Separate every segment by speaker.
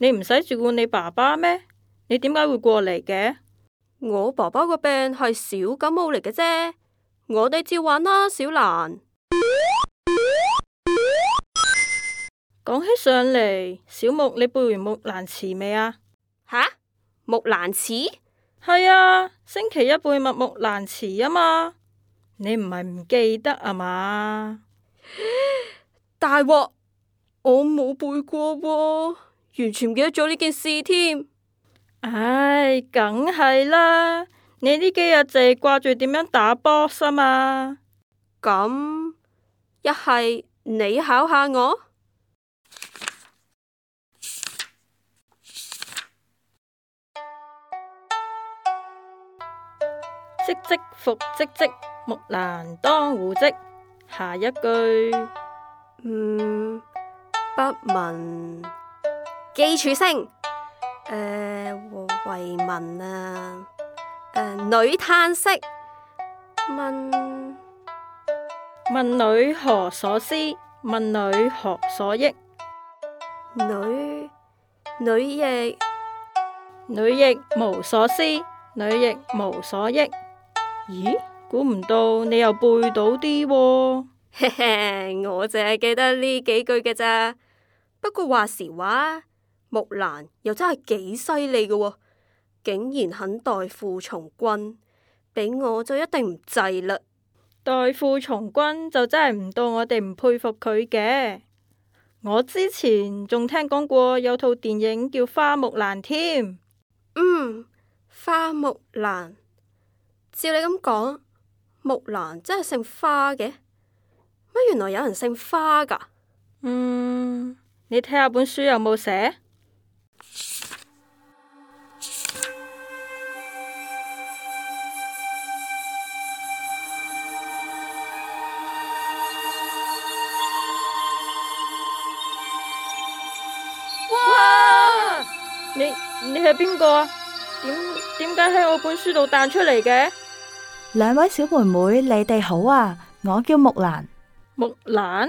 Speaker 1: 你唔使照顧你爸爸咩？你點解會過嚟嘅？我爸爸個病係小感冒嚟嘅啫。我哋照玩啦，小蘭。講起上嚟，小木，你背完木蘭辭未啊？吓？木蘭辭？係啊，星期一背默木蘭辭啊嘛。你唔係唔記得啊嘛？ 大鑊惡！我冇背過喎。完全唔記得咗呢件事添，唉、哎，梗係啦。你呢幾日淨係掛住點樣打波㗎嘛？咁一係你考下我。唧唧復唧唧，木蘭當戶織。下一句，嗯，不聞。機杵聲，誒，唯聞啊，誒，女嘆息，問，問女何所思，問女何所憶，女，女亦，女亦無所思，女亦無所憶，咦，估唔到你又背到啲喎，嘿嘿，我淨係記得呢幾句嘅咋，不過話時話。木蘭又真係幾犀利嘅，竟然肯代父從軍，俾我就一定唔制啦。代父從軍就真係唔到我哋唔佩服佢嘅。我之前仲聽講過有套電影叫《花木蘭》添。嗯，花木蘭，照你咁講，木蘭真係姓花嘅？乜原來有人姓花㗎？嗯，你睇下本書有冇寫？你你係邊個啊？點點解喺我本書度彈出嚟嘅？
Speaker 2: 兩位小妹妹，你哋好啊！我叫木蘭。
Speaker 1: 木蘭？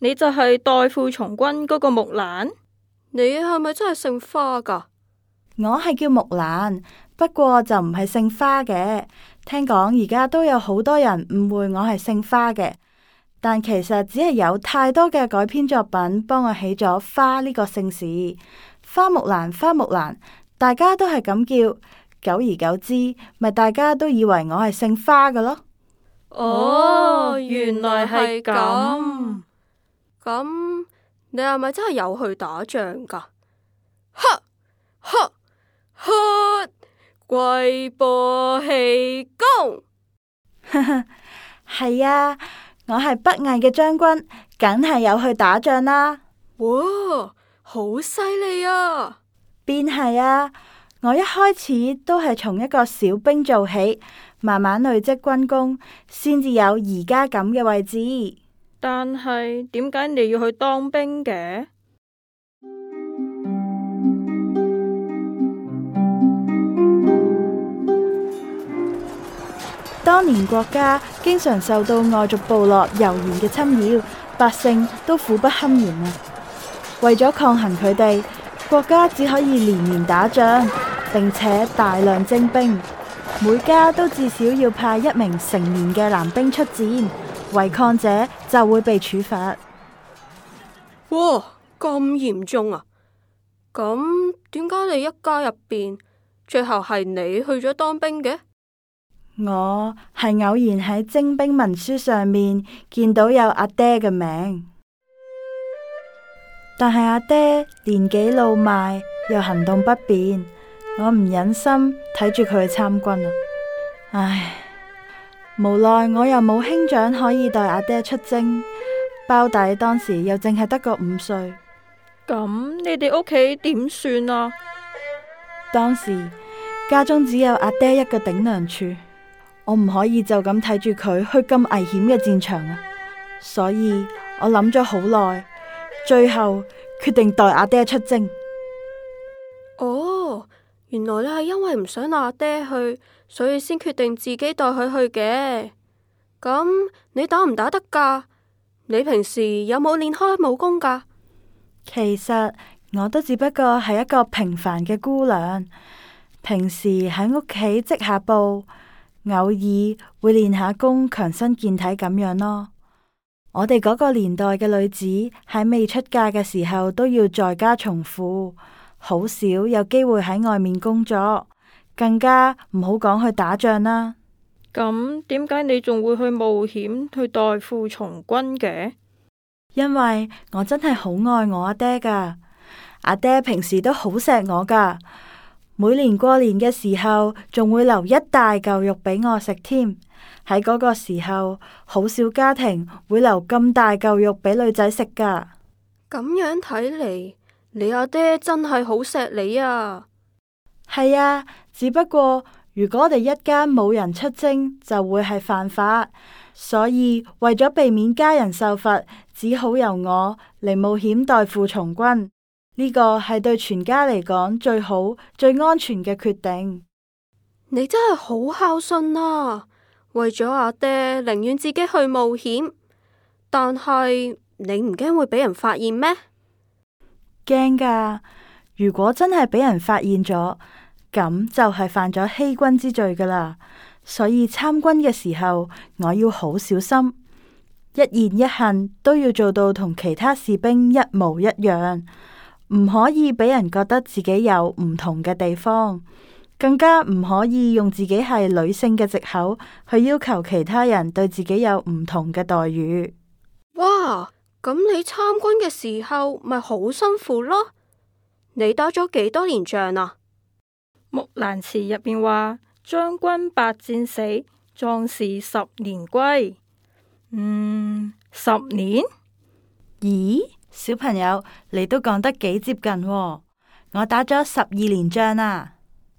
Speaker 1: 你就係代父從軍嗰個木蘭？你係咪真係姓花噶？
Speaker 2: 我係叫木蘭，不過就唔係姓花嘅。聽講而家都有好多人誤會我係姓花嘅，但其實只係有太多嘅改編作品幫我起咗花呢個姓氏。花木蘭，花木蘭，大家都係咁叫，久而久之，咪大家都以為我係姓花嘅咯。
Speaker 1: 哦，原來係咁。咁、哦嗯嗯、你係咪真係有去打仗噶？哈，呵，喝貴播氣功。係
Speaker 2: 啊，我係北魏嘅將軍，梗係有去打仗啦。哇！好犀利啊！邊係啊！我一開始都係從一個小兵做起，慢慢累積軍功，先至有而家咁嘅位置。
Speaker 1: 但係點解你要去當兵嘅？
Speaker 2: 當年國家經常受到外族部落柔然嘅侵擾，百姓都苦不堪言啊！為咗抗衡佢哋，國家只可以連年打仗，並且大量徵兵，每家都至少要派一名成年嘅男兵出戰，違抗者就會被處罰。
Speaker 1: 哇，咁嚴重啊？咁點解你一家入邊，最後係你去咗當兵嘅？
Speaker 2: 我係偶然喺徵兵文書上面見到有阿爹嘅名。但係阿爹年紀老邁，又行動不便，我唔忍心睇住佢去參軍啊！唉，無奈我又冇兄長可以代阿爹出征，胞弟當時又淨係得個五歲，
Speaker 1: 咁你哋屋企點算啊？
Speaker 2: 當時家中只有阿爹一個頂樑柱，我唔可以就咁睇住佢去咁危險嘅戰場啊！所以我諗咗好耐。最後決定代阿爹出征。
Speaker 1: 哦，原來你係因為唔想阿爹去，所以先決定自己代佢去嘅。咁、嗯、你打唔打得噶？你平時有冇練開武功噶？其
Speaker 2: 實我都只不過係一個平凡嘅姑娘，平時喺屋企織下布，偶爾會練下功強身健體咁樣咯。我哋嗰個年代嘅女子喺未出嫁嘅時候都要在家從父，好少有機會喺外面工作，更加唔好講去打仗啦。
Speaker 1: 咁點解你仲會去冒險去代父從軍嘅？
Speaker 2: 因為我真係好愛我阿爹㗎，阿爹平時都好錫我㗎，每年過年嘅時候仲會留一大嚿肉俾我食添。喺嗰個時候，好少家庭會留咁大嚿肉俾女仔食㗎。
Speaker 1: 咁樣睇嚟，你阿爹，爹真係好錫你啊！係啊，只不
Speaker 2: 過如果我哋一家冇人出征，就會係犯法，所以為咗避免家人受罰，只好由我嚟冒險代父從軍。呢、這個係對全家嚟講最好，最安全嘅決定。
Speaker 1: 你真係好孝順啊！為咗阿爹，寧願自己去冒險。但係你唔驚會俾人發現咩？
Speaker 2: 驚噶！如果真係俾人發現咗，咁就係犯咗欺君之罪噶啦。所以參軍嘅時候，我要好小心，一言一行都要做到同其他士兵一模一樣，唔可以俾人覺得自己有唔同嘅地方。更加唔可以用自己係女性嘅藉口去要求其他人對自己有唔同嘅待遇。
Speaker 1: 哇！咁你參軍嘅時候咪好辛苦咯？你打咗幾多年仗啊？木蘭辭入邊話：將軍百戰死，壯士十年歸。嗯，十年？咦，小朋友，你都
Speaker 2: 講得幾接近、喎？我打咗十二年仗啦、啊。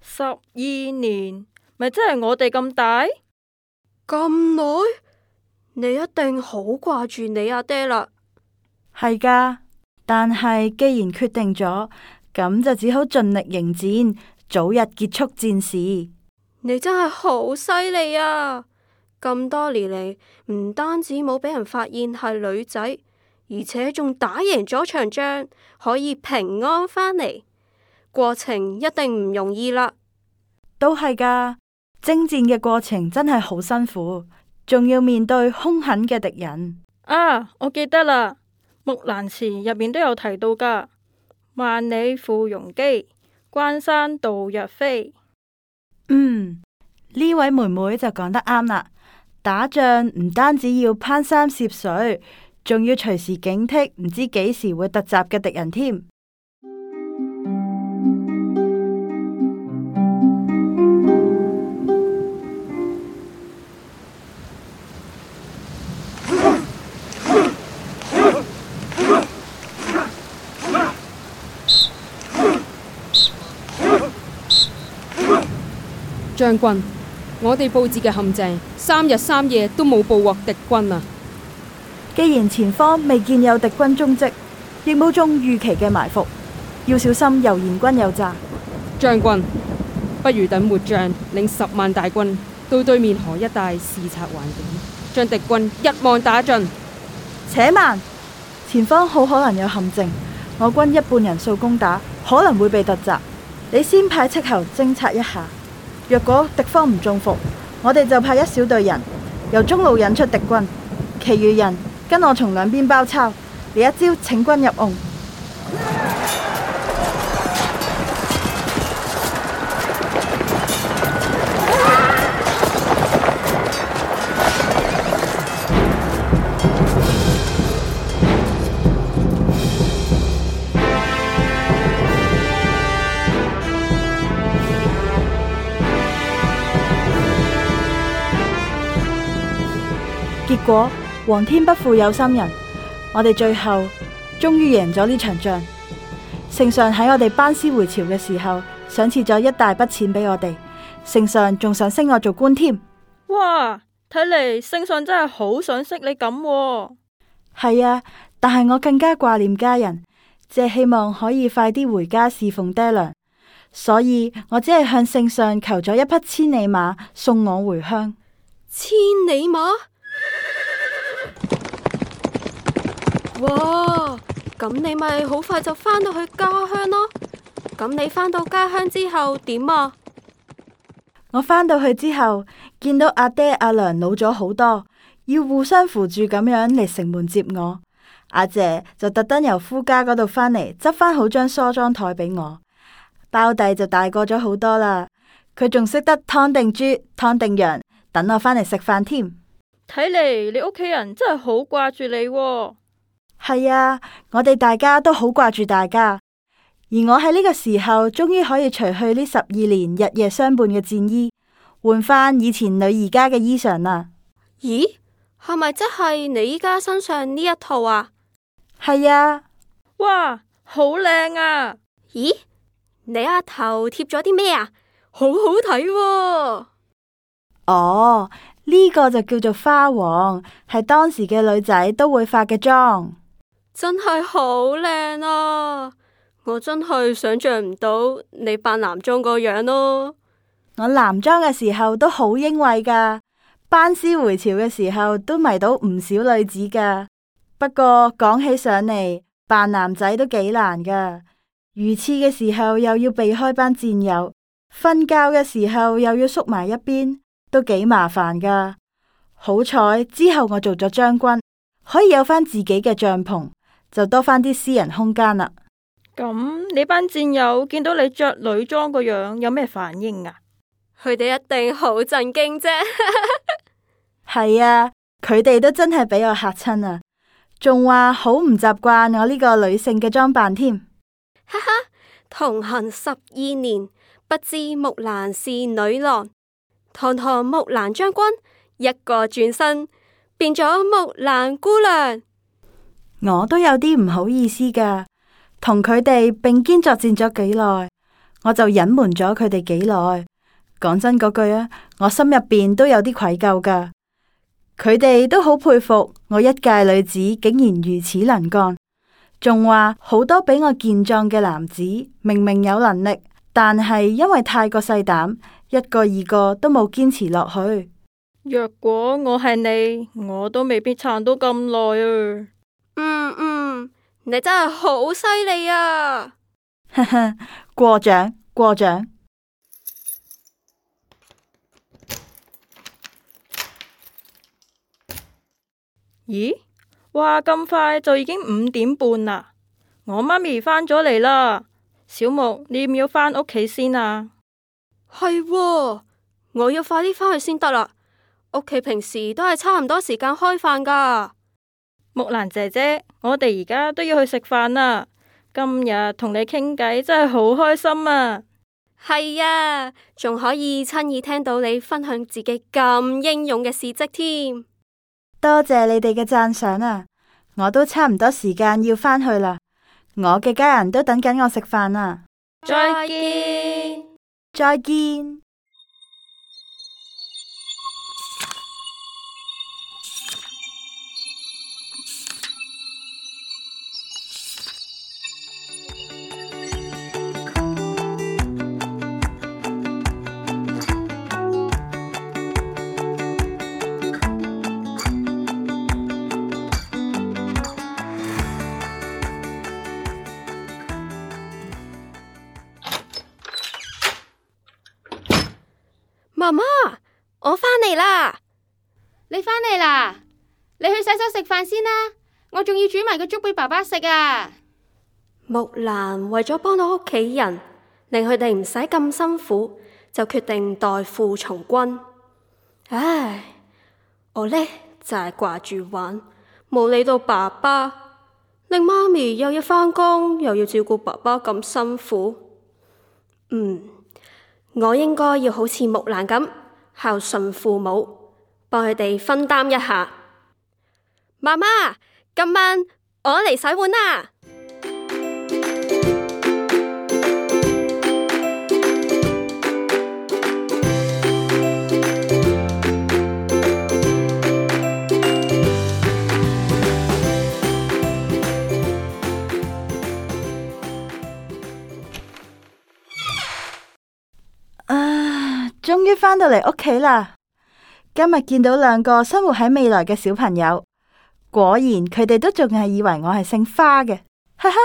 Speaker 1: 十二年，咪真係我哋咁大咁耐？你一定好掛住你阿爹啦，係噶。但係
Speaker 2: 既然決定咗，咁就只好盡力迎戰，早日結束戰事。
Speaker 1: 你真係好犀利啊！咁多年嚟，唔單止冇俾人發現係女仔，而且仲打贏咗場仗，可以平安返嚟。過程一定唔容易啦，
Speaker 2: 都係噶。征戰嘅過程真係好辛苦，仲要面對兇
Speaker 1: 狠嘅敵人！啊，我記得啦，《木蘭辭》入面都有提到噶，萬里赴戎機，關山度若飛。
Speaker 2: 嗯，呢位妹妹就講得啱啦，打仗唔單止要攀山涉水，仲要隨時警惕唔知幾時會突襲嘅敵人添。
Speaker 1: 將軍，我哋布置嘅陷阱，三日三夜都冇捕獲敵軍啊！既然前方未見有敵軍蹤跡，亦冇中預期
Speaker 2: 嘅埋伏，要小心又嚴軍有
Speaker 1: 詐。將軍，不如等末將領十萬大軍到對面河一帶視察環境，將敵軍一網打盡。且慢，前方好可能有陷阱，我
Speaker 2: 軍一半人數攻打可能會被突襲，你先派斥候偵察一下。若果敵方唔中伏，我哋就派一小隊人由中路引出敵軍，其餘人跟我從兩邊包抄，嚟一招請君入甕。果皇天不負有心人，我哋最後終於贏咗呢場仗。聖上喺我哋班師回朝嘅時候，賞賜咗一大筆錢俾我哋。聖上仲想升我做官添。
Speaker 1: 哇，睇嚟聖上真係好想識你咁啊。
Speaker 2: 係啊，但係我更加掛念家人，借希望可以快啲回家侍奉爹娘。所以，我只係向聖上求咗一匹千里馬送我回鄉。千里馬。
Speaker 1: 哇，咁你咪好快就翻到去家鄉咯？咁你翻到家鄉之後點啊？
Speaker 2: 我翻到去之後，見到阿爹阿娘老咗好多，要互相扶住咁樣嚟城門接我。阿姐就特登由夫家嗰度翻嚟執翻好張梳妝台，俾我。包弟就大個咗好多啦，佢仲識得劏定豬，劏定羊，等我翻嚟食飯添。
Speaker 1: 睇嚟你屋企人真係好掛住你啊。
Speaker 2: 係啊，我哋大家都好掛住大家，而我喺呢個時候終於可以除去呢十二年日夜相伴嘅戰衣，換翻以前女兒家嘅衣裳啦。
Speaker 1: 咦，係咪即係你依家身上呢一套啊？係啊，哇，好靚啊！咦，你阿頭貼咗啲咩啊？好好睇哦，
Speaker 2: 呢、哦這個就叫做花黃，係當時嘅女仔都會化嘅妝。.
Speaker 1: 真係好靚啊！我真係想象唔到你扮男裝個樣咯。
Speaker 2: 我男裝嘅時候都好英偉噶，班師回朝嘅時候都迷到唔少女子噶。不過講起上嚟，扮男仔都幾難噶。如廁嘅時候又要避開班戰友，瞓覺嘅時候又要縮埋一邊，都幾麻煩噶。好彩之後我做咗將軍，可以有返自己嘅帳篷。就多翻啲私人空間啦。
Speaker 1: 咁你班戰友見到你着女裝個樣有咩反應啊？佢哋一定好震驚啫。
Speaker 2: 係 啊，佢哋都真係俾我嚇親啊，仲話好唔習慣我呢個女性嘅裝扮添。哈
Speaker 1: 哈，同行十二年，不知木蘭是女郎。堂堂木蘭將軍，一個轉身，變咗木蘭姑娘。
Speaker 2: 我都有啲唔好意思噶，同佢哋並肩作戰咗幾耐，我就隱瞞咗佢哋幾耐。講真嗰句啊，我心入邊都有啲愧疚噶。佢哋都好佩服我一介女子竟然如此能幹，仲話好多比我健壯嘅男子明明有能力，但係因為太過細膽，一個二個都冇堅持落去。
Speaker 1: 若果我係你，我都未必撐到咁耐啊！嗯嗯，你真係好犀利啊！哈
Speaker 2: 哈， 過獎過獎。
Speaker 1: 咦？哇，咁快就已經五點半啦！我媽咪返咗嚟啦，小木，你要唔要返屋企先啊？係喎，我要快啲返去先得啦。屋企平時都係差唔多時間開飯噶。木蘭姐姐，我哋而家都要去食飯啦。今日同你傾偈真係好開心啊！係啊，仲可以親耳聽到你分享自己咁英勇嘅事蹟添。多謝
Speaker 2: 你哋嘅讚賞啊！我都差唔多時間要返去啦，我嘅家人都等緊我食飯啦，
Speaker 1: 啊。再見，再見。
Speaker 2: 再見。
Speaker 1: 媽媽，我返嚟啦！你返嚟啦？你去洗手食飯先啦，我仲要煮埋個粥俾爸爸食啊！木蘭為咗幫到屋企人，令佢哋唔使咁辛苦，就決定代父從軍。唉，我呢就係掛住玩，冇理到爸爸，令媽咪又要返工，又要照顧爸爸咁辛苦。嗯。我應該要好似木蘭咁孝順父母，幫佢哋分擔一下。媽媽，今晚我嚟洗碗啦。
Speaker 2: 翻到嚟屋企啦！今日見到兩個生活喺未來嘅小朋友，果然佢哋都仲係以為我係姓花嘅，哈哈！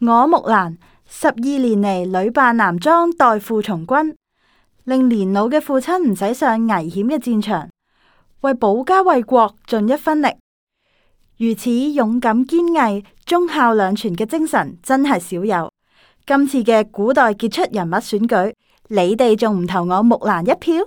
Speaker 2: 我木蘭十二年嚟女扮男裝，代父從軍，令年老嘅父親唔使上危險嘅戰場，為保家衛國盡一分力。如此勇敢堅毅、忠孝兩全嘅精神真係少有。今次嘅古代傑出人物選舉，你哋仲唔投我木蘭一票？